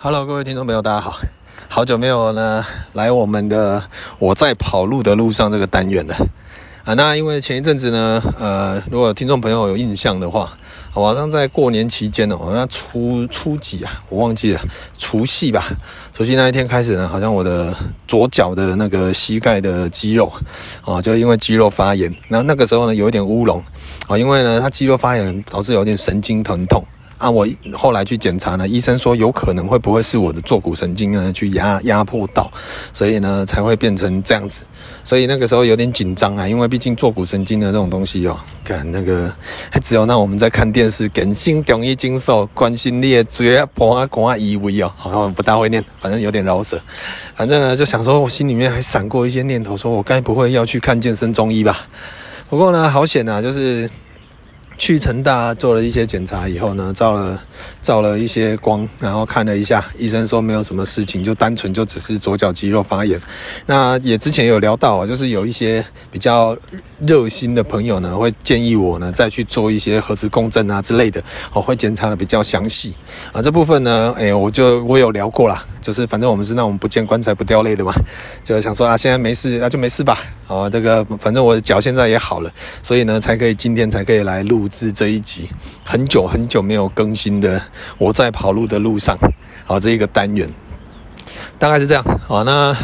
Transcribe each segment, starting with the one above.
哈嘍，Hello, 各位聽眾朋友，大家好！好久沒有呢來我們的《我在跑路的路上》這個單元了啊。那因為前一陣子呢，呃，如果聽眾朋友有印象的話，好像在過年期間哦，那初初幾啊，我忘記了，除夕吧。除夕那一天開始呢，好像我的左腳的那個膝蓋的肌肉啊，就因為肌肉發炎，那那個時候呢，有一點烏龍啊，因為呢，它肌肉發炎導致有點神經疼痛。啊，我後來去檢查呢，醫生說有可能會不會是我的坐骨神經呢去壓壓迫到，所以呢才會變成這樣子，所以那個時候有點緊張啊，因為畢竟坐骨神經的這種東西哦、喔，看那個，還、哎、只有那我們在看電視，更新中醫經手，關心列覺不阿關依維哦，好像不大會念，反正有點饒舌，反正呢就想說，我心裡面還閃過一些念頭，說我該不會要去看健身中醫吧？不過呢，好險啊，就是。去成大做了一些檢查以後呢，照了照了一些光，然後看了一下，醫生說沒有什麼事情，就單純就只是左腳肌肉發炎。那也之前也有聊到啊，就是有一些比較熱心的朋友呢，會建議我呢再去做一些核磁共振啊之類的，我會檢查的比較詳細啊。這部分呢，哎、欸，我就我有聊過了。就是反正我們是那種不見棺材不掉淚的嘛，就想說啊，現在沒事那、啊、就沒事吧。啊，這個反正我的腳現在也好了，所以呢，才可以今天才可以來錄製這一集，很久很久沒有更新的我在跑路的路上。好，這一個單元大概是這樣。好，那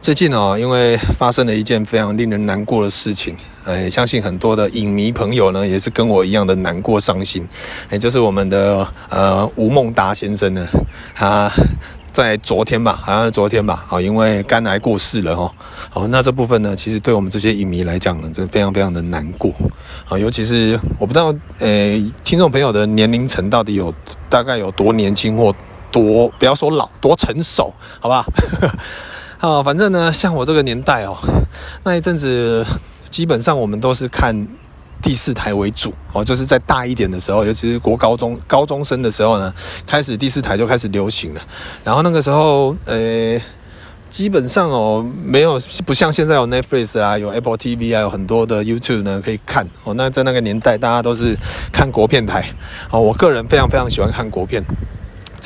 最近哦、啊，因為發生了一件非常令人難過的事情，哎，相信很多的影迷朋友呢，也是跟我一樣的難過傷心、哎。也就是我們的呃吳孟達先生呢，他。在昨天吧，好像是昨天吧，啊、哦，因為肝癌過世了，哦，好，那這部分呢，其實對我們這些影迷來講，呢，真的非常非常的難過、哦，尤其是我不知道，誒、欸，聽眾朋友的年齡層到底有大概有多年輕或多，不要說老，多成熟，好吧，啊、 哦，反正呢，像我這個年代哦，那一陣子基本上我們都是看第四台為主哦，就是在大一點的時候，尤其是國高中高中生的時候呢，開始第四台就開始流行了。然後那個時候，呃，基本上哦，沒有不像現在有 Netflix 啊，有 Apple TV 啊，有很多的 YouTube 呢可以看哦。那在那個年代，大家都是看國片台哦。我個人非常非常喜歡看國片。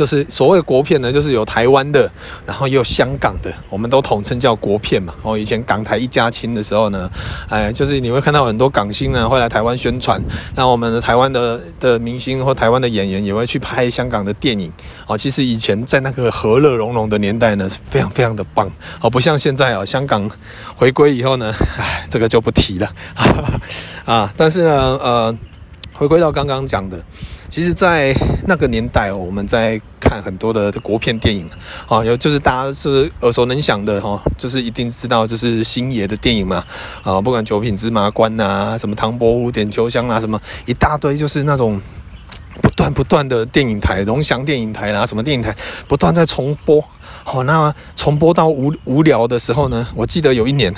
就是所謂的國片呢，就是有台灣的，然後也有香港的，我們都統稱叫國片嘛。哦，以前港台一家親的時候呢，哎，就是你會看到很多港星呢會來台灣宣傳，那我們的台灣的的明星或台灣的演員也會去拍香港的電影。哦，其實以前在那個和樂融融的年代呢，是非常非常的棒。哦，不像現在啊、哦，香港回歸以後呢，哎，這個就不提了哈哈啊。但是呢，呃，回歸到剛剛講的，其實，在那個年代哦，我們在看很多的國片電影啊，有、哦、就是大家是、是耳熟能詳的哈、哦，就是一定知道就是星爺的電影嘛啊、哦，不管九品芝麻官吶、啊，什麼唐伯虎點秋香啊什麼一大堆，就是那種不斷不斷的電影台，龍翔電影台啦、啊，什麼電影台不斷在重播。好、哦，那重播到無無聊的時候呢，我記得有一年，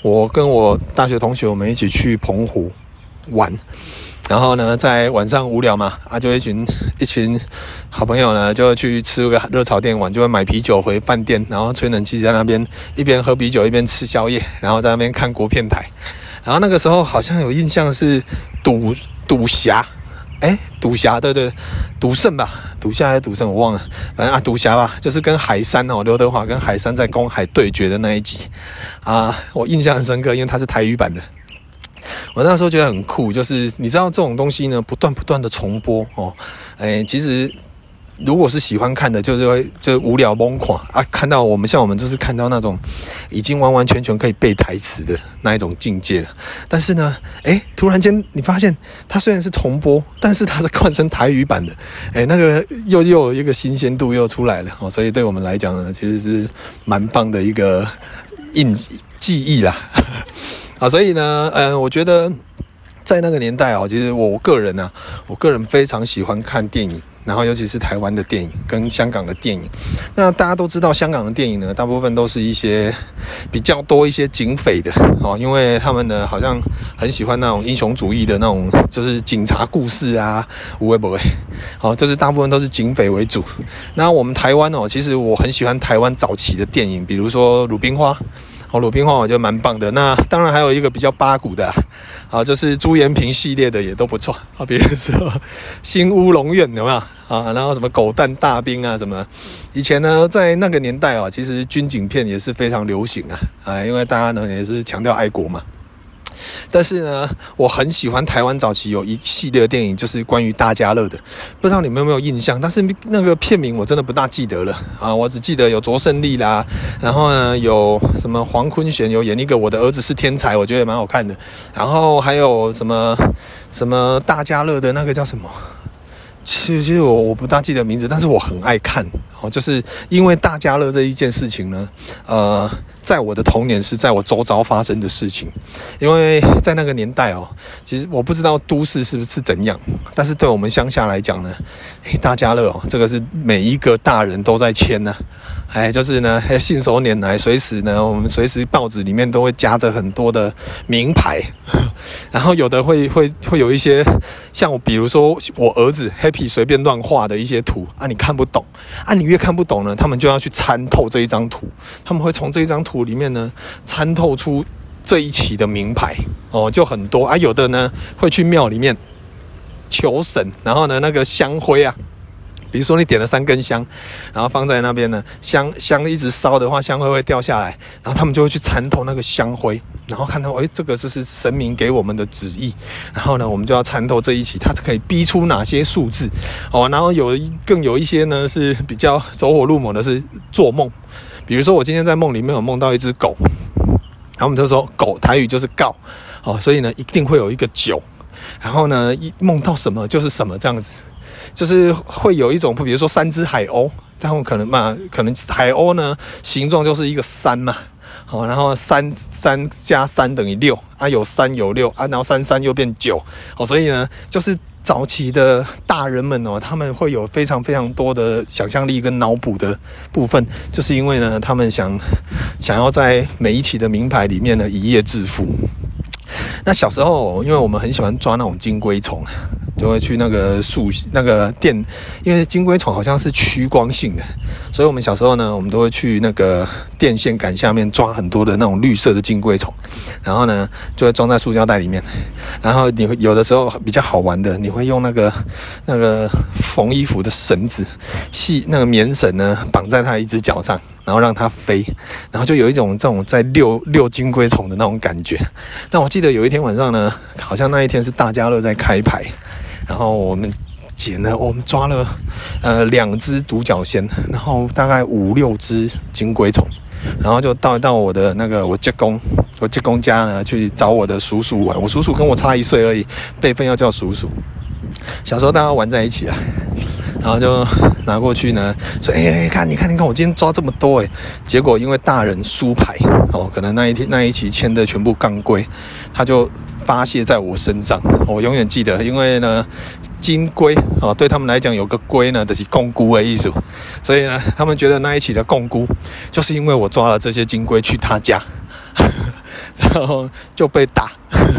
我跟我大學同學我們一起去澎湖玩。然後呢，在晚上無聊嘛，啊，就一群一群好朋友呢，就去吃個熱炒店玩，就會買啤酒回飯店，然後吹冷氣在那邊一邊喝啤酒一邊吃宵夜，然後在那邊看國片台。然後那個時候好像有印象是賭賭俠，哎，賭俠，對對賭聖吧，賭俠還是賭聖我忘了，反正啊賭俠吧，就是跟海山哦，劉德華跟海山在公海對決的那一集，啊，我印象很深刻，因為他是台語版的。我那時候覺得很酷，就是你知道這種東西呢，不斷不斷的重播哦，誒、欸，其實如果是喜歡看的，就是會就是、無聊崩垮啊。看到我們像我們，就是看到那種已經完完全全可以背台詞的那一種境界了。但是呢，誒、欸，突然間你發現它雖然是重播，但是它是換成台語版的，誒、欸，那個又又有一個新鮮度又出來了哦。所以對我們來講呢，其實是蠻棒的一個印記憶啦。呵呵啊，所以呢，嗯、呃，我覺得在那個年代啊、哦，其實我，我個人呢、啊，我個人非常喜歡看電影，然後尤其是台灣的電影跟香港的電影。那大家都知道，香港的電影呢，大部分都是一些比較多一些警匪的哦，因為他們呢好像很喜歡那種英雄主義的那種，就是警察故事啊，無為不為，好、哦，就是大部分都是警匪為主。那我們台灣哦，其實我很喜歡台灣早期的電影，比如說《魯冰花》。好，魯冰花我覺得蠻棒的。那當然還有一個比較八股的啊，啊，就是朱延平系列的也都不錯。啊，比如說《新烏龍院》有沒有？啊，然後什麼狗蛋大兵啊什麼？以前呢，在那個年代啊，其實軍警片也是非常流行啊。啊，因為大家呢也是強調愛國嘛。但是呢，我很喜歡台灣早期有一系列電影，就是關於大家樂的，不知道你們有沒有印象？但是那個片名我真的不大記得了啊，我只記得有卓勝利啦，然後呢有什麼黃坤玄有演一個《我的兒子是天才》，我覺得也蠻好看的，然後還有什麼什麼大家樂的那個叫什麼？其實，其實我我不大記得名字，但是我很愛看哦，就是因為大家樂這一件事情呢，呃，在我的童年是在我周遭發生的事情，因為在那個年代哦，其實我不知道都市是不是是怎樣，但是對我們鄉下來講呢，大家樂哦，這個是每一個大人都在簽呢啊。哎，就是呢，信手拈來，隨時呢，我們隨時報紙裡面都會夾着很多的明牌，然後有的會會會有一些像我，比如說我兒子 Happy 隨便亂畫的一些圖啊，你看不懂啊，你越看不懂呢，他們就要去參透這一張圖，他們會從這一張圖裡面呢參透出這一期的明牌哦，就很多啊，有的呢會去廟裡面求神，然後呢那個香灰啊。比如說你點了三根香，然後放在那邊呢，香香一直燒的話，香灰會掉下來，然後他們就會去參透那個香灰，然後看到哎，這個就是神明給我們的旨意，然後呢，我們就要參透這一期它可以逼出哪些數字哦。然後有更有一些呢是比較走火入魔的，是做夢。比如說我今天在夢裡面有夢到一隻狗，然後我們就說狗台語就是告哦，所以呢一定會有一個九，然後呢一夢到什麼就是什麼這樣子。就是會有一種，比如說三隻海鷗，但我們可能嘛，可能海鷗呢形狀就是一個三嘛，好、哦，然後三三加三等於六啊，有三有六啊，然後三三又變九，好、哦，所以呢，就是早期的大人們哦，他們會有非常非常多的想象力跟腦補的部分，就是因為呢，他們想想要在每一期的名牌裡面呢一夜致富。那小時候，因為我們很喜歡抓那種金龜蟲。就會去那個樹那個電，因為金龜蟲好像是趨光性的，所以我們小時候呢，我們都會去那個電線桿下面抓很多的那種綠色的金龜蟲，然後呢就會裝在塑膠袋裡面，然後你會有的時候比較好玩的，你會用那個那個縫衣服的繩子，細那個棉繩呢綁在它一隻腳上，然後讓它飛，然後就有一種這種在遛遛金龜蟲的那種感覺。那我記得有一天晚上呢，好像那一天是大家樂在開牌。然後我們撿了，我們抓了呃兩隻獨角仙，然後大概五六隻金龜蟲，然後就到到我的那個我舅公，我舅公家呢去找我的叔叔玩，我叔叔跟我差一歲而已，輩分要叫叔叔，小時候大家玩在一起啊。然後就拿過去呢，說：“哎、欸欸，看，你看，你看，我今天抓這麼多誒，結果因為大人輸牌哦，可能那一天那一期簽的全部摃龜，他就發洩在我身上。我永遠記得，因為呢，金龜哦，對他們來講有個龜呢，就是摃龜的意思，所以呢，他們覺得那一期的摃龜，就是因為我抓了這些金龜去他家。 然後就被打，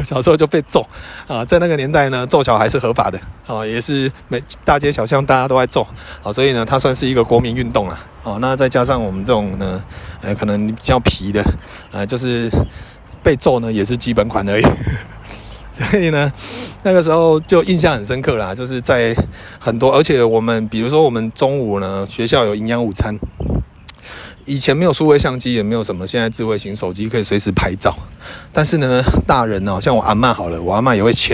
小時候就被揍，啊，在那個年代呢，揍小孩還是合法的，啊，也是每大街小巷大家都在揍，啊，所以呢，它算是一個國民運動啦。哦，那再加上我們這種呢，呃，可能比較皮的，啊，就是被揍呢也是基本款而已，所以呢，那個時候就印象很深刻啦，就是在很多，而且我們比如說我們中午呢，學校有營養午餐。以前沒有數位相機，也沒有什麼，現在智慧型手機可以隨時拍照。但是呢，大人呢、喔，像我阿嬤好了，我阿嬤也會簽，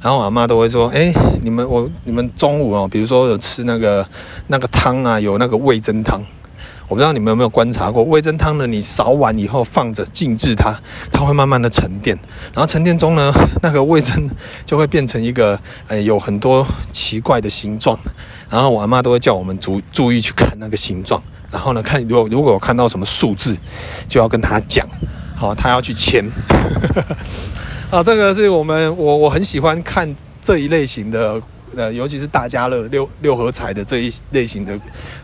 然後我阿嬤都會說：“哎、欸，你們我你們中午哦、喔，比如說有吃那個那個湯啊，有那個味噌湯。我不知道你們有沒有觀察過味噌湯呢？你勺完以後放着靜置它，它會慢慢的沉澱，然後沉澱中呢，那個味噌就會變成一個哎、欸、有很多奇怪的形狀。然後我阿嬤都會叫我們注注意去看那個形狀。”然後呢，看如果如果我看到什麼數字，就要跟他講，好、哦，他要去簽。啊、 哦，這個是我們我我很喜歡看這一類型的，呃，尤其是大家樂六六合彩的這一類型的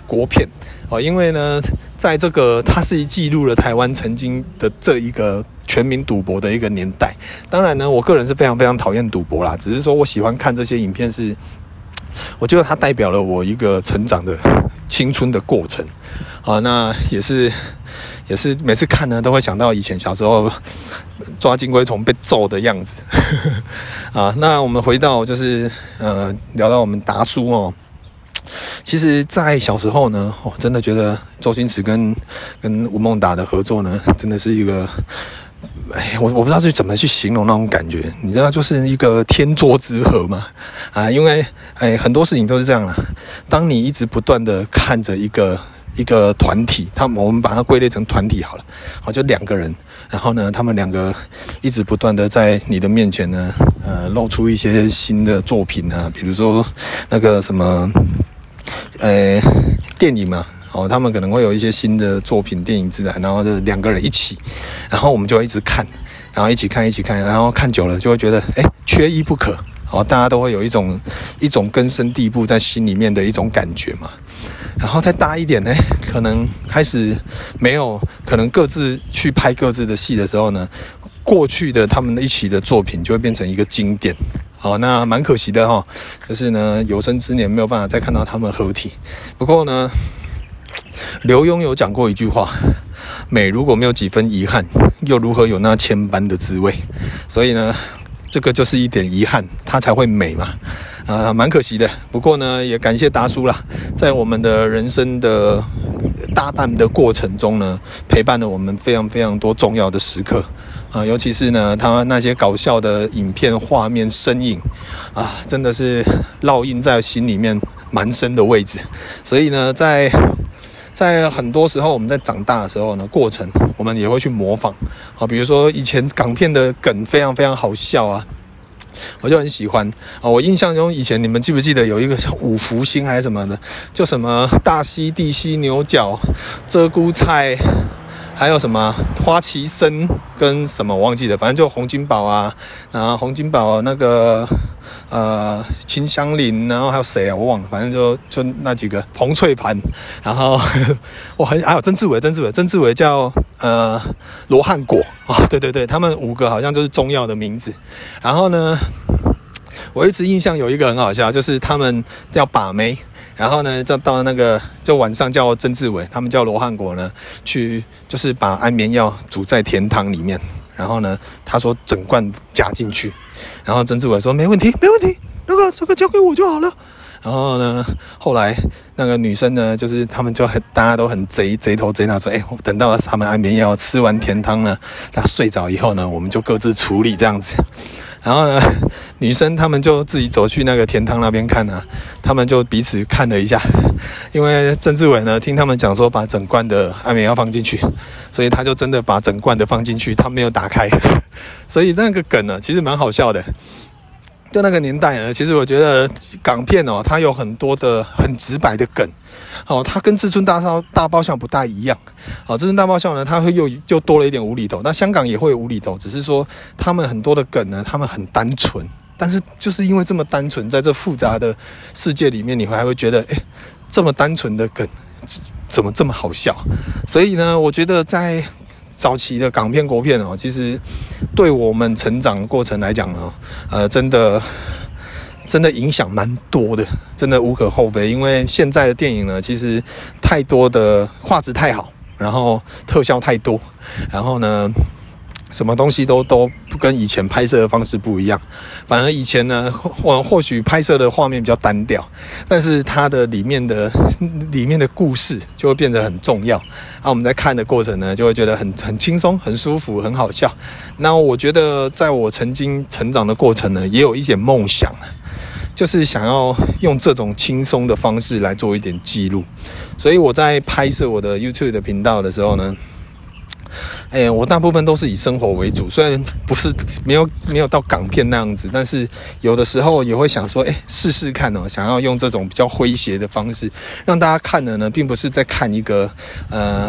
國片，哦，因為呢，在這個它是記錄了台灣曾經的這一個全民賭博的一個年代。當然呢，我個人是非常非常討厭賭博啦，只是說我喜歡看這些影片是，是我覺得它代表了我一個成長的。青春的過程，啊，那也是，也是每次看呢，都會想到以前小時候抓金龜蟲被揍的樣子呵呵，啊，那我們回到就是，呃，聊到我們達叔哦，其實，在小時候呢，我真的覺得周星馳跟跟吳孟達的合作呢，真的是一個。哎，我我不知道是怎麼去形容那種感覺，你知道，就是一個天作之合嘛，啊，因為唉，很多事情都是這樣了。當你一直不斷地看着一個一個團體，他們我們把它歸類成團體好了，好就兩個人，然後呢，他們兩個一直不斷地在你的面前呢，呃，露出一些新的作品啊，比如說那個什麼，呃，電影嘛。哦，他們可能會有一些新的作品、電影之類，然後就是兩個人一起，然後我們就會一直看，然後一起看、一起看，然後看久了就會覺得，哎，缺一不可。哦，大家都會有一種一種根深蒂固在心裡面的一種感覺嘛。然後再大一點呢，可能開始沒有可能各自去拍各自的戲的時候呢，過去的他們一起的作品就會變成一個經典。哦，那蠻可惜的哈、哦，就是呢，有生之年沒有辦法再看到他們合體。不過呢，劉墉有講過一句話：“美如果沒有幾分遺憾，又如何有那千般的滋味？”所以呢，這個就是一點遺憾，它才會美嘛。啊、呃，蠻可惜的。不過呢，也感謝達叔啦，在我們的人生的大半的過程中呢，陪伴了我們非常非常多重要的時刻。啊、呃，尤其是呢，他那些搞笑的影片畫面、身影，啊，真的是烙印在心裡面蠻深的位置。所以呢，在在很多時候，我們在長大的時候呢，過程我們也會去模仿啊。比如說以前港片的梗非常非常好笑啊，我就很喜歡啊。我印象中以前你們記不記得有一個五福星還是什麼的，就什麼大溪地犀、牛角、鷓鴣菜。還有什麼花旗參跟什麼我忘記了，反正就洪金寶啊，然後洪金寶那個呃秦香林，然後還有誰啊？我忘了，反正就就那幾個彭翠盤，然後我很還有曾志偉，曾志偉，曾志偉叫呃羅漢果啊，對對對，他們五個好像就是中藥的名字。然後呢，我一直印象有一個很好笑，就是他們叫把妹。然後呢，就到那個，就晚上叫曾志偉，他們叫羅漢果呢，去就是把安眠藥煮在甜湯裡面。然後呢，他說整罐加進去。然後曾志偉說沒問題，沒問題，那個這個交給我就好了。然後呢，後來那個女生呢，就是他們就很大家都很賊賊頭賊腦說，誒、欸、等到他們安眠藥吃完甜湯呢，他睡着以後呢，我們就各自處理這樣子。然後呢。女生她們就自己走去那個甜湯那邊看啊，她們就彼此看了一下，因為曾志偉呢聽他們講說把整罐的安眠藥放進去，所以他就真的把整罐的放進去，他沒有打開，所以那個梗呢其實蠻好笑的。就那個年代呢，其實我覺得港片哦，它有很多的很直白的梗，哦，它跟至尊大超大爆笑不大一樣，好、哦，《至尊大爆笑》呢，它會又又多了一點無厘頭，那香港也會無厘頭，只是說他們很多的梗呢，他們很單純。但是就是因為這麼單純，在這複雜的世界裡面，你還會覺得，誒、欸，這麼單純的梗，怎麼這麼好笑？所以呢，我覺得在早期的港片、國片哦，其實對我們成長過程來講呢，呃，真的，真的影響蠻多的，真的無可厚非。因為現在的電影呢，其實太多的畫質太好，然後特效太多，然後呢。什麼東西都都不跟以前拍攝的方式不一樣，反而以前呢或、或許拍攝的畫面比較單調，但是它的裡面的裡面的故事就會變得很重要。那、啊、我們在看的過程呢，就會覺得很很輕鬆、很舒服、很好笑。那我覺得在我曾經成長的過程呢，也有一點夢想，就是想要用這種輕鬆的方式來做一點記錄。所以我在拍攝我的 YouTube 的頻道的時候呢。哎、欸，我大部分都是以生活為主，雖然不是沒有沒有到港片那樣子，但是有的時候也會想說，哎、欸，試試看哦，想要用這種比較詼諧的方式，讓大家看的呢，並不是在看一個，呃，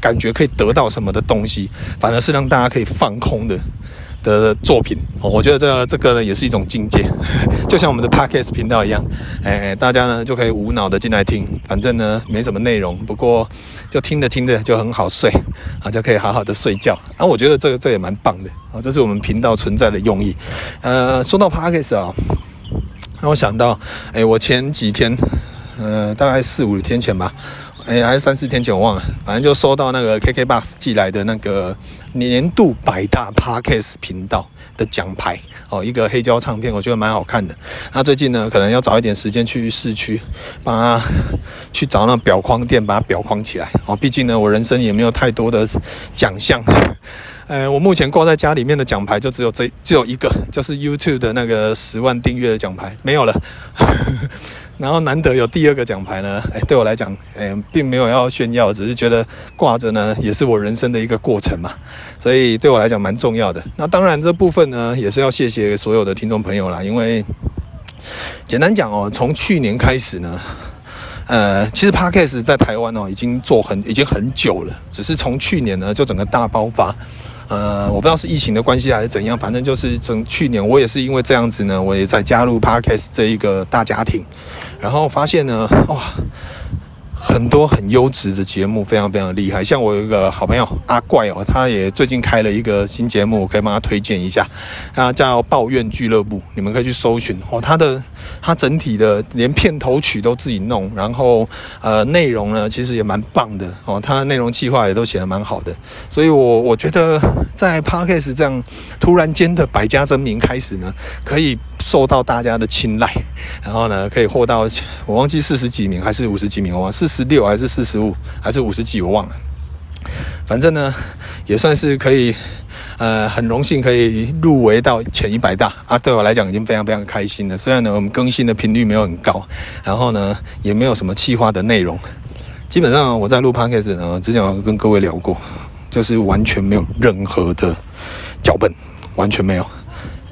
感覺可以得到什麼的東西，反而是讓大家可以放空的。的作品，我覺得這這個呢也是一種境界，就像我們的 Podcast 頻道一樣，大家呢就可以無腦的進來聽，反正呢沒什麼內容，不過就聽着聽着就很好睡，啊，就可以好好的睡覺。啊，我覺得這個這也蠻棒的啊，這是我們頻道存在的用意。呃，說到 Podcast 啊，讓我想到，我前幾天，呃，大概四五天前吧。哎，還是三四天前我忘了，反正就收到那個 KKBox 寄來的那個年度百大 Podcast 頻道的獎牌哦，一個黑膠唱片，我覺得蠻好看的。那最近呢，可能要找一點時間去市區，把它去找那表框店把它表框起來哦。畢竟呢，我人生也沒有太多的獎項。呃、哎，我目前掛在家裡面的獎牌就只有這只有一個，就是 YouTube 的那個十萬訂閱的獎牌，沒有了。呵呵然後難得有第二個獎牌呢，誒，對我來講，誒，並沒有要炫耀，只是覺得掛着呢，也是我人生的一個過程嘛，所以對我來講蠻重要的。那當然這部分呢，也是要謝謝所有的聽眾朋友啦，因為簡單講哦，從去年開始呢，呃，其實 Podcast 在台灣哦，已經做很已經很久了，只是從去年呢就整個大爆發。呃，我不知道是疫情的關係還是怎樣，反正就是從去年，我也是因為這樣子呢，我也在加入 Podcast 這一個大家庭，然後發現呢，哇。很多很優質的節目，非常非常厲害。像我有一個好朋友阿怪哦，他也最近開了一個新節目，我可以幫他推薦一下。他叫抱怨俱樂部，你們可以去搜尋哦。他的他整體的連片頭曲都自己弄，然後呃，內容呢其實也蠻棒的哦。他的內容計劃也都寫得蠻好的，所以我我覺得在 podcast 這樣突然間的百家爭鳴開始呢，可以。受到大家的青睞，然後呢，可以獲到我忘記四十幾名還是五十幾名，我忘了四十六還是四十五還是五十幾，我忘了。反正呢，也算是可以，呃，很榮幸可以入圍到前一百大啊，對我來講已經非常非常開心了。雖然呢，我們更新的頻率沒有很高，然後呢，也沒有什麼企劃的內容。基本上我在錄 Podcast 呢，之前跟各位聊過，就是完全沒有任何的腳本，完全沒有。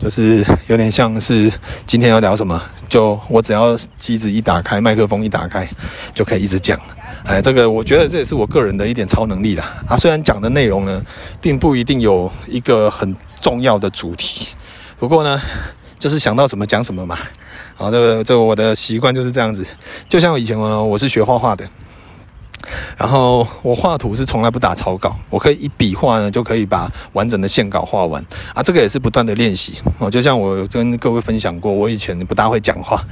就是有點像是今天要聊什麼，就我只要機子一打開，麥克風一打開，就可以一直講。哎，這個我覺得這也是我個人的一點超能力啦。啊，雖然講的內容呢，並不一定有一個很重要的主題，不過呢，就是想到什麼講什麼嘛。好，這個這個我的習慣就是這樣子，就像以前我我是學畫畫的。然後我畫圖是從來不打草稿，我可以一筆畫呢就可以把完整的線稿畫完啊。這個也是不斷的練習哦。就像我跟各位分享過，我以前不大會講話，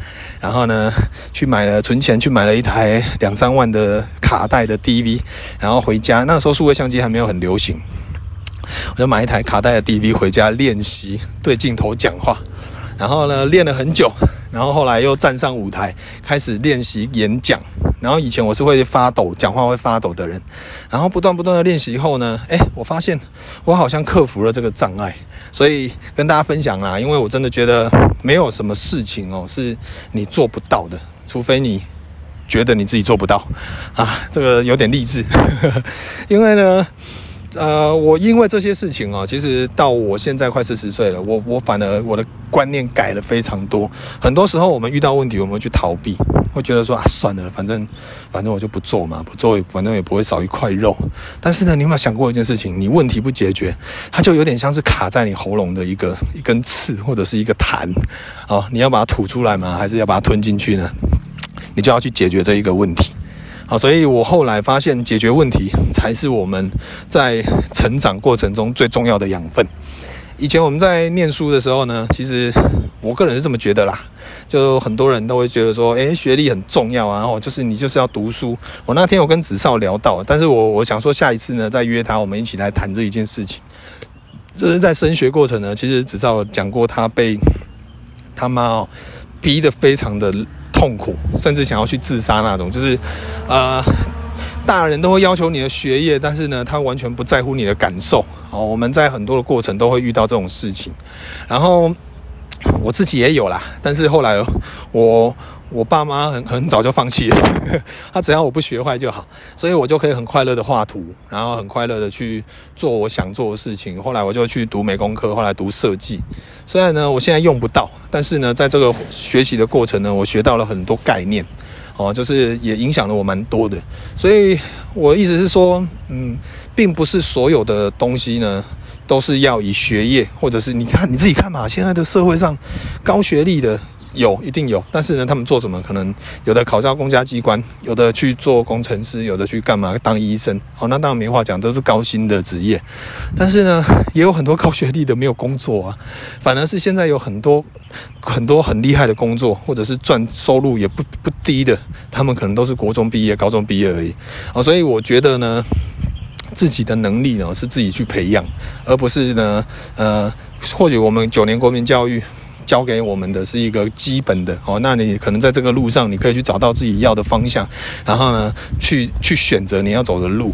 然後呢去買了存錢去買了一台兩三萬的卡帶的 DV，然後回家那時候數位相機還沒有很流行，我就買一台卡帶的 DV 回家練習對鏡頭講話，然後呢練了很久。然後後來又站上舞台，開始練習演講。然後以前我是會發抖、講話會發抖的人。然後不斷不斷的練習後呢，哎，我發現我好像克服了這個障礙。所以跟大家分享啦，因為我真的覺得沒有什麼事情哦，是你做不到的，除非你覺得你自己做不到啊。這個有點勵志，呵呵，因為呢。呃，我因為這些事情哦，其實到我現在快四十歲了，我我反而我的觀念改了非常多。很多時候我們遇到問題，我們會去逃避，會覺得說啊，算了，反正反正我就不做嘛，不做，反正也不會少一塊肉。但是呢，你有沒有想過一件事情？你問題不解決，它就有點像是卡在你喉嚨的一個一根刺或者是一個痰啊，哦，你要把它吐出來嗎？還是要把它吞進去呢？你就要去解決這一個問題。啊，所以我後來發現，解決問題才是我們在成長過程中最重要的養分。以前我們在念書的時候呢，其實我個人是這麼覺得啦，就很多人都會覺得說，誒、欸，學歷很重要啊，就是你就是要讀書。我那天我跟子少聊到，但是我我想說，下一次呢，再約他，我們一起來談這一件事情。就是在升學過程呢，其實子少講過，他被他媽哦逼得非常的。痛苦，甚至想要去自殺那種，就是，呃，大人都會要求你的學業，但是呢，他完全不在乎你的感受。好，我們在很多的過程都會遇到這種事情，然後我自己也有啦，但是後來我。我爸媽很很早就放棄了呵呵，他只要我不學壞就好，所以我就可以很快樂地畫圖，然後很快樂地去做我想做的事情。後來我就去讀美工科，後來讀設計。雖然呢，我現在用不到，但是呢，在這個學習的過程呢，我學到了很多概念，哦，就是也影響了我蠻多的。所以我意思是說，嗯，並不是所有的東西呢，都是要以學業，或者是你看你自己看嘛。現在的社會上，高學歷的。有一定有，但是呢，他們做什麼？可能有的考上公家機關，有的去做工程師，有的去幹嘛當醫生。好、哦，那當然沒話講，都是高薪的職業。但是呢，也有很多高學歷的沒有工作啊。反而是現在有很多很多很厲害的工作，或者是賺收入也不不低的，他們可能都是國中畢業、高中畢業而已。好、哦，所以我覺得呢，自己的能力呢是自己去培養，而不是呢，呃，或許我們九年國民教育。教給我們的是一個基本的哦，那你可能在這個路上，你可以去找到自己要的方向，然後呢，去去選擇你要走的路。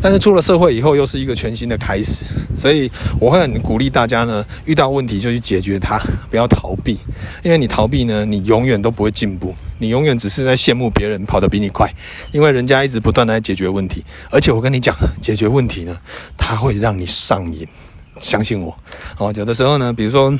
但是出了社會以後，又是一個全新的開始，所以我會很鼓勵大家呢，遇到問題就去解決它，不要逃避，因為你逃避呢，你永遠都不會進步，你永遠只是在羨慕別人跑得比你快，因為人家一直不斷的在解決問題。而且我跟你講，解決問題呢，它會讓你上癮，相信我哦。有的時候呢，比如說。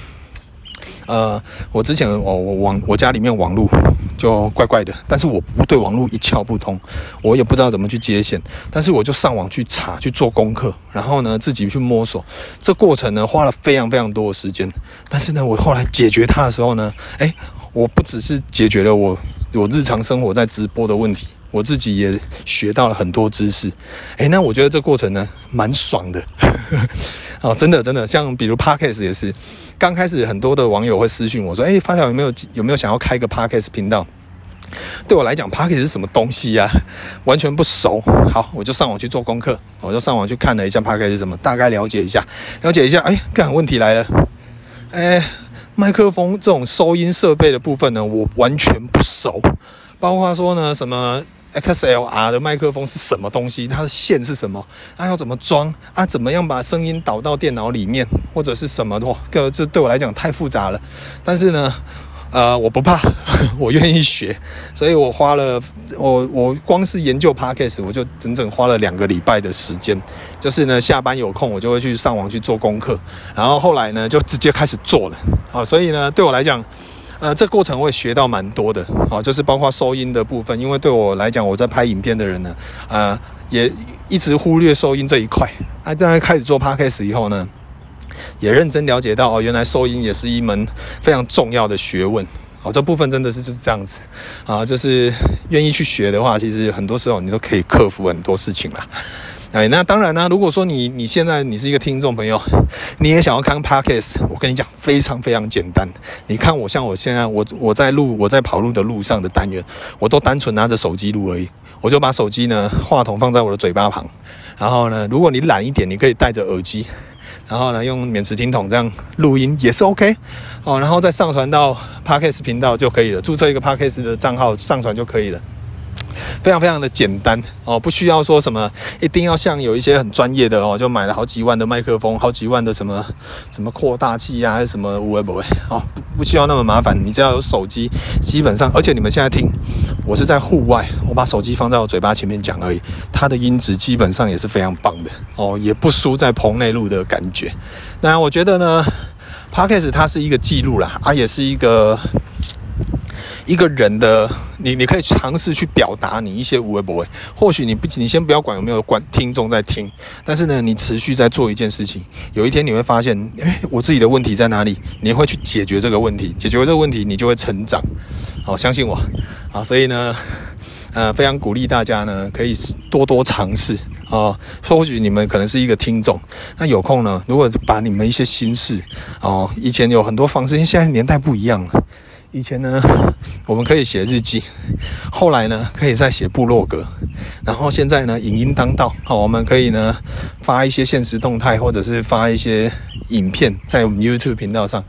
呃，我之前我我網我家裡面網絡就怪怪的，但是我不對網絡一竅不通，我也不知道怎麼去接線，但是我就上網去查去做功課，然後呢自己去摸索。這過程呢花了非常非常多的時間，但是呢我後來解決它的時候呢，哎、欸，我不只是解決了我我日常生活在直播的問題，我自己也學到了很多知識。哎、欸，那我覺得這過程呢蠻爽的。 哦，oh，真的，真的，像比如 Podcast 也是，剛開始很多的網友會私訊我說，哎、欸，發條有沒有有沒有想要開個 Podcast 頻道？對我來講，Podcast 是什麼東西呀、啊？完全不熟。好，我就上網去做功課，我就上網去看了一下 Podcast 是什麼，大概了解一下，了解一下。哎、欸，看，問題來了，哎、欸，麥克風這種收音設備的部分呢，我完全不熟，包括說呢什麼。XLR 的麥克風是什麼東西？它的線是什麼？它要怎麼裝啊？怎麼樣把聲音導到電腦裡面，或者是什麼的？這個就對我來講太複雜了。但是呢，呃，我不怕，我願意學。所以我花了我我光是研究 Podcast 我就整整花了兩個禮拜的時間。就是呢，下班有空我就會去上網去做功課，然後後來呢，就直接開始做了啊。所以呢，對我來講。呃，這過程我也學到蠻多的哦、啊，就是包括收音的部分，因為對我來講，我在拍影片的人呢，呃、啊，也一直忽略收音這一塊。那、啊、在開始做 podcast 以後呢，也認真了解到哦，原來收音也是一門非常重要的學問。哦、啊，這部分真的是就是這樣子啊，就是願意去學的話，其實很多時候你都可以克服很多事情啦。哎，那當然啦、啊，如果說你你現在你是一個聽眾朋友，你也想要看 Podcast，我跟你講，非常非常簡單。你看我像我現在我我在錄我在跑路的路上的單元，我都單純拿着手機錄而已。我就把手機呢話筒放在我的嘴巴旁，然後呢，如果你懶一點，你可以戴着耳機，然後呢用免持聽筒這樣錄音也是 OK。哦，然後再上傳到 Podcast 頻道就可以了，註冊一個 Podcast 的賬號上傳就可以了。非常非常的簡單哦，不需要說什麼，一定要像有一些很專業的哦，就買了好幾萬的麥克風，好幾萬的什麼什麼擴大器呀、啊，還是什麼我不會哦，不不需要那麼麻煩，你只要有手機，基本上，而且你們現在聽，我是在戶外，我把手機放在我嘴巴前面講而已，它的音質基本上也是非常棒的哦，也不輸在棚內錄的感覺。那我覺得呢 Podcast 它是一個記錄了啊，也是一個。一個人的你，你可以嘗試去表達你一些無為不為。或許你不僅你先不要管有沒有管聽眾在聽，但是呢，你持續在做一件事情，有一天你會發現，哎、欸，我自己的問題在哪裡？你會去解決這個問題，解決這個問題，你就會成長。好、哦，相信我。好，所以呢，呃，非常鼓勵大家呢，可以多多嘗試哦。或許你們可能是一個聽眾，那有空呢，如果把你們一些心事哦，以前有很多方式，因為現在年代不一樣了。以前呢，我們可以寫日記，後來呢，可以再寫部落格，然後現在呢，影音當道，好，我們可以呢，發一些限時動態，或者是發一些影片在我們 YouTube 頻道上，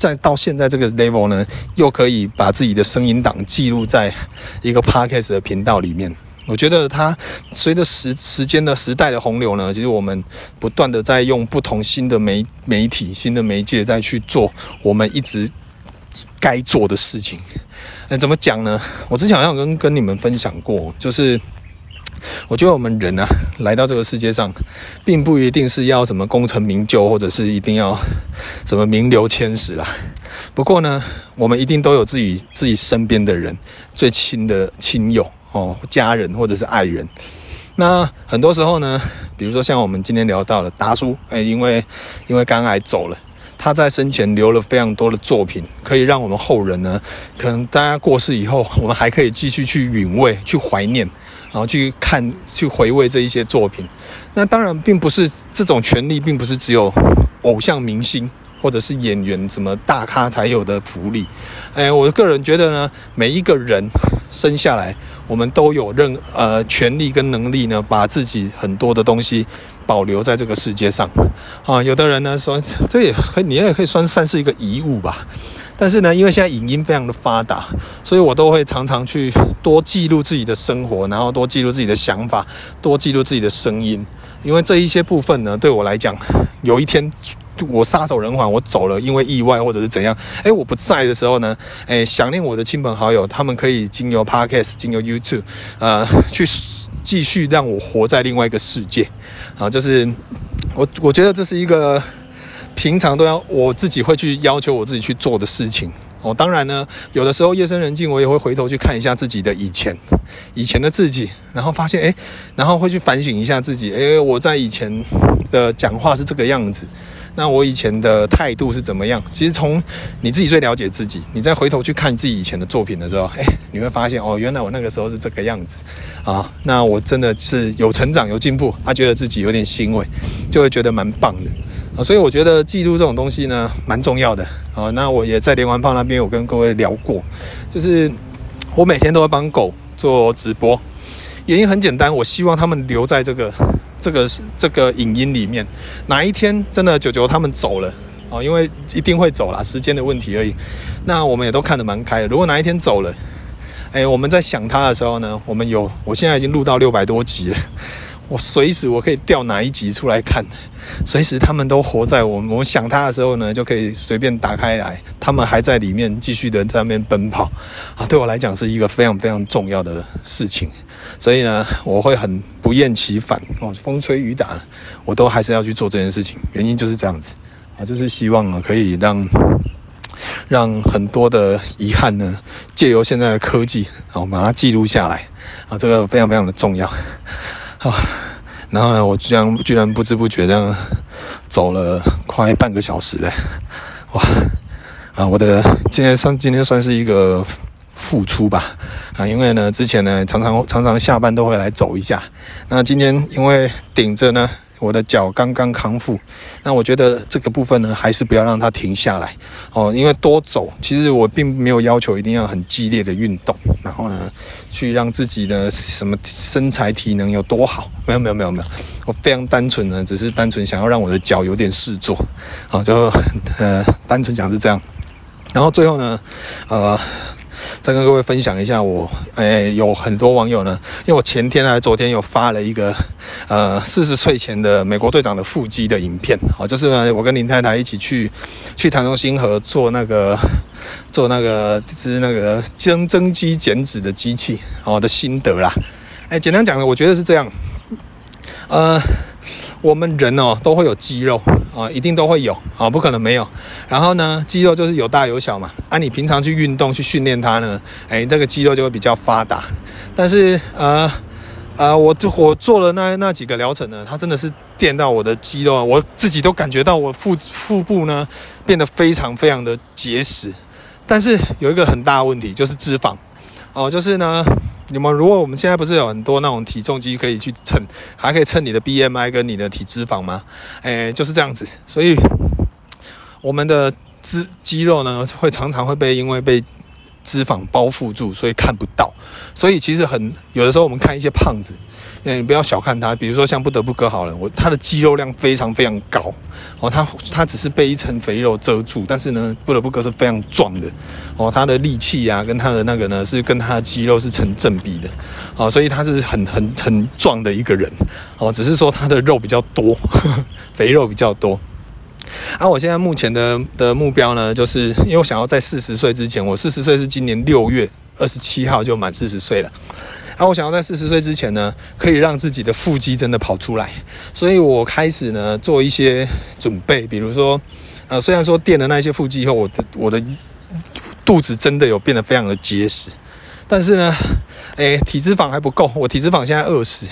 再到現在這個 level 呢，又可以把自己的聲音檔記錄在一個 Podcast 的頻道裡面。我覺得它隨着時時間的時代的洪流呢，其實我們不斷的在用不同新的媒媒體、新的媒介再去做，我們一直。該做的事情，哎，怎麼講呢？我之前好像跟跟你們分享過，就是我覺得我們人啊，來到這個世界上，並不一定是要什麼功成名就，或者是一定要什麼名留青史啦。不過呢，我們一定都有自己自己身邊的人，最親的親友哦，家人或者是愛人。那很多時候呢，比如說像我們今天聊到了達叔，哎，因為因為肝癌走了。他在生前留了非常多的作品，可以讓我們後人呢，可能大家過世以後，我們還可以繼續去品味，去懷念，然後去看，去回味這一些作品。那當然，並不是這種權利，並不是只有偶像明星或者是演員、什麼大咖才有的福利。哎，我個人覺得呢，每一個人生下來，我們都有任呃權利跟能力呢，把自己很多的東西。保留在這個世界上，啊，有的人呢說這也可以，你也可以算算是一個遺物吧。但是呢，因為現在影音非常的發達，所以我都會常常去多記錄自己的生活，然後多記錄自己的想法，多記錄自己的聲音，因為這一些部分呢，對我來講，有一天我撒手人寰，我走了，因為意外或者是怎樣，哎，我不在的時候呢，哎，想念我的親朋好友，他們可以經由 Podcast、經由 YouTube，啊，呃，去。繼續讓我活在另外一個世界，啊，就是我我覺得這是一個平常都要我自己會去要求我自己去做的事情。我、哦、當然呢，有的時候夜深人靜，我也會回頭去看一下自己的以前，以前的自己，然後發現哎，然後會去反省一下自己，哎，我在以前的講話是這個樣子。那我以前的態度是怎麼樣？其實從你自己最了解自己，你再回頭去看自己以前的作品的時候，哎，你會發現哦，原來我那個時候是這個樣子啊。那我真的是有成長、有進步，他、啊、覺得自己有點欣慰，就會覺得蠻棒的啊。所以我覺得記錄這種東西呢，蠻重要的啊。那我也在連環泡那邊有跟各位聊過，就是我每天都會幫狗做直播，原因很簡單，我希望他們留在這個。這個是這個影音裡面，哪一天真的九九他們走了啊、哦？因為一定會走了，時間的問題而已。那我們也都看得蠻開的。如果哪一天走了，哎，我們在想他的時候呢，我們有，我現在已經錄到六百多集了，我隨時我可以調哪一集出來看，隨時他們都活在我們，我想他的時候呢，就可以隨便打開來，他們還在裡面繼續的在那邊奔跑啊。對我來講是一個非常非常重要的事情。所以呢，我會很不厭其煩，哦，風吹雨打，我都還是要去做這件事情。原因就是這樣子，啊，就是希望、啊、可以讓，讓很多的遺憾呢，借由現在的科技，哦，把它記錄下來，啊，這個非常非常的重要，啊，然後呢，我居然居然不知不覺這樣走了快半個小時了。哇，啊，我的今天算今天算是一個。付出吧，啊，因為呢，之前呢，常常常常下班都會來走一下。那今天因為頂着呢，我的腳剛剛康復，那我覺得這個部分呢，還是不要讓它停下來哦。因為多走，其實我並沒有要求一定要很激烈的運動，然後呢，去讓自己的什麼身材體能有多好？沒有沒有沒有沒有，我非常單純呢，只是單純想要讓我的腳有點事做，啊、哦，就呃，單純講是這樣。然後最後呢，呃。再跟各位分享一下我，我、哎、誒有很多網友呢，因為我前天啊、昨天又發了一個，呃，四十歲前的美國隊長的腹肌的影片哦，就是呢，我跟林太太一起去去台中心和做那個做那個只那個增增肌減脂的機器哦的心得啦，哎，簡單講呢，我覺得是這樣，呃。我們人哦都會有肌肉啊，一定都會有啊，不可能沒有。然後呢，肌肉就是有大有小嘛。按、啊、你平常去運動去訓練它呢，哎，這個肌肉就會比較發達。但是呃呃，我就我做了那那幾個療程呢，它真的是電到我的肌肉，我自己都感覺到我腹腹部呢變得非常非常的結實。但是有一個很大的問題就是脂肪，哦、啊，就是呢。你們如果，我們現在不是有很多那種體重機可以去稱，還可以稱你的 BMI 跟你的體脂肪嗎？哎、欸，就是這樣子。所以我們的肌肌肉呢，會常常會被因為被。脂肪包覆住，所以看不到。所以其實很有的時候，我們看一些胖子，嗯，你不要小看他。比如說像不得不割好了，我他的肌肉量非常非常高。哦，他他只是被一層肥肉遮住，但是呢，不得不割是非常壯的。哦，他的力氣呀，啊，跟他的那個呢，是跟他的肌肉是成正比的。哦，所以他是很很很壯的一個人。哦，只是說他的肉比較多，呵呵，肥肉比較多。啊，我現在目前的的目標呢，就是因為我想要在四十歲之前，我四十歲是今年六月二十七號就滿四十歲了。啊，我想要在四十歲之前呢，可以讓自己的腹肌真的跑出來，所以我開始呢做一些準備，比如說，呃，雖然說墊了那些腹肌以後，我的我的肚子真的有變得非常的結實，但是呢，哎、欸，體脂肪還不夠，我體脂肪現在二十，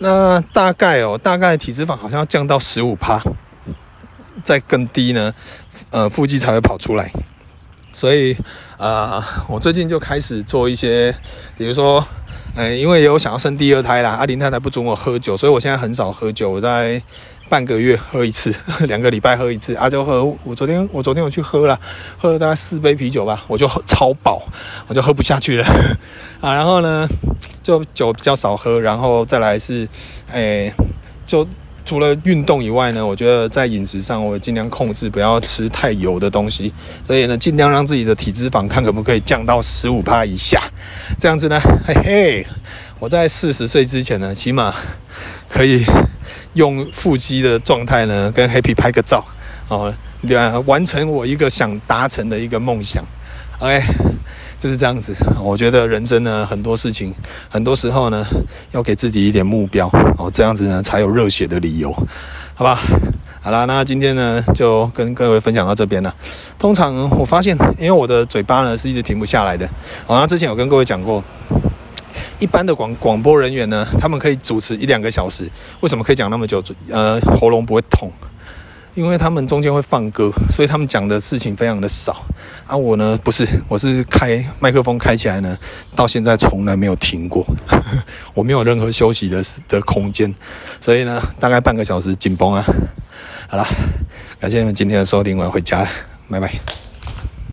那大概哦、喔，大概體脂肪好像要降到十五趴。再更低呢，呃，腹肌才會跑出來，所以，呃，我最近就開始做一些，比如說，嗯、欸，因為有想要生第二胎啦，阿林太太不准我喝酒，所以我現在很少喝酒，我在半個月喝一次，兩個禮拜喝一次。阿嬌喝，我昨天我昨天我去喝了，喝了大概四杯啤酒吧，我就喝超飽，我就喝不下去了， 啊，然後呢，就酒比較少喝，然後再來是，哎、欸，就。除了運動以外呢，我覺得在飲食上我盡量控制，不要吃太油的東西。所以呢，盡量讓自己的體脂肪看可不可以降到十五趴以下。這樣子呢，嘿嘿，我在四十歲之前呢，起碼可以用腹肌的狀態呢，跟 Happy 拍個照哦，完完成我一個想達成的一個夢想。OK、哎。就是這樣子，我覺得人生呢，很多事情，很多時候呢，要給自己一點目標，哦，這樣子呢，才有熱血的理由，好吧？好啦。那今天呢，就跟各位分享到這邊了。通常我發現，因為我的嘴巴呢，是一直停不下來的。好，哦，那之前有跟各位講過，一般的廣廣播人員呢，他們可以主持一兩個小時，為什麼可以講那麼久？呃，喉嚨不會痛？因為他們中間會放歌，所以他們講的事情非常的少。啊，我呢不是，我是開麥克風開起來呢，到現在從來沒有停過，呵呵，我沒有任何休息的的空間，所以呢大概半個小時緊繃啊。好啦，感謝你們今天的收聽，我要回家了，拜拜。